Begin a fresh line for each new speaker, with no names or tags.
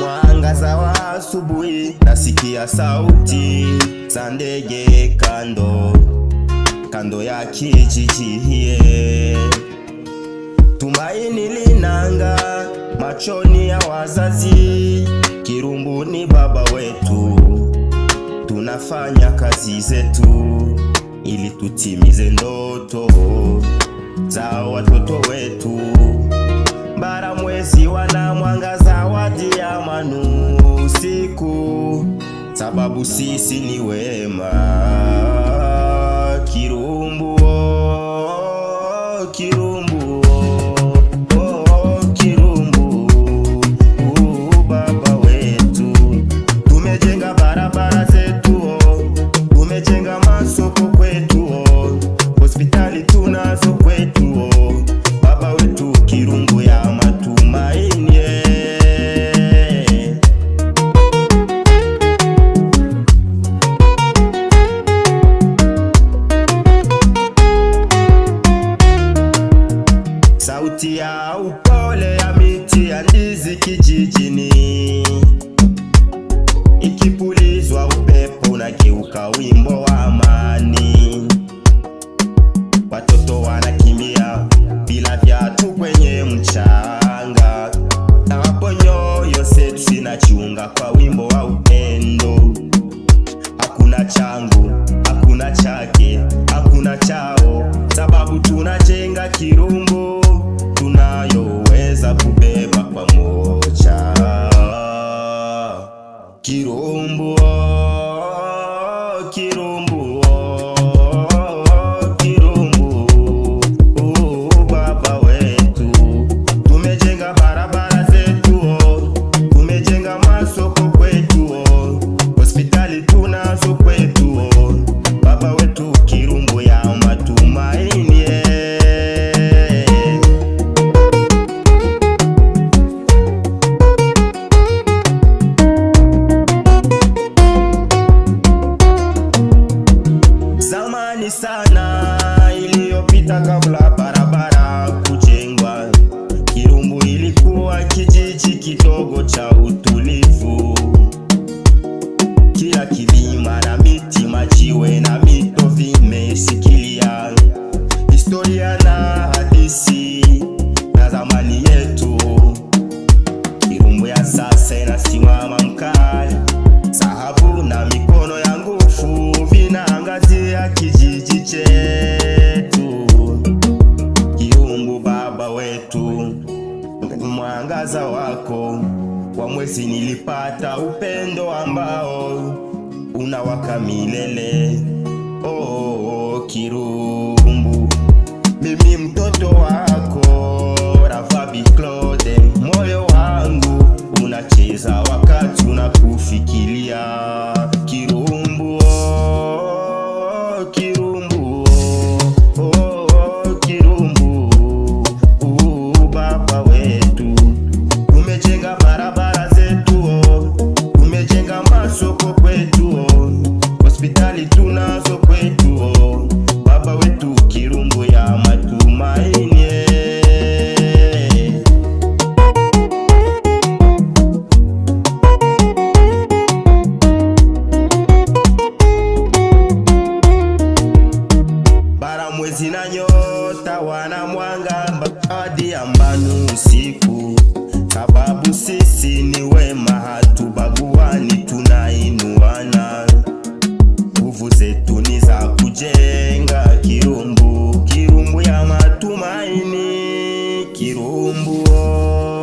Mwangaza wa asubuhi, nasikia sauti za ndege kando kando ya kijiji hie. Tumaini linanga machoni ya wazazi tunafanya kazi zetu ili tutimize ndoto za watoto wetu. Bara mwezi wana mwangaza ya manu usiku, sababu sisi ni wema. Kirumbu, kirumbu sauti ya upole ya miti ya ndizi kijijini, ikipulizwa upepo kiuka wimbo wa amani. Watoto wanakimbia bila viatu kwenye mchanga, na hapo nyoyo zetu zinachunga kwa wimbo nilipata upendo ambao unawaka milele. Oh, oh, oh, Kirumbu, mimi mtoto wa Sawa na mwanga hadi ambanu usiku, sababu sisi ni wema, hatubaguani, tunainuana. Nguvu zetu ni za kujenga, kirumbu, kirumbu ya matumaini, kirumbu oh.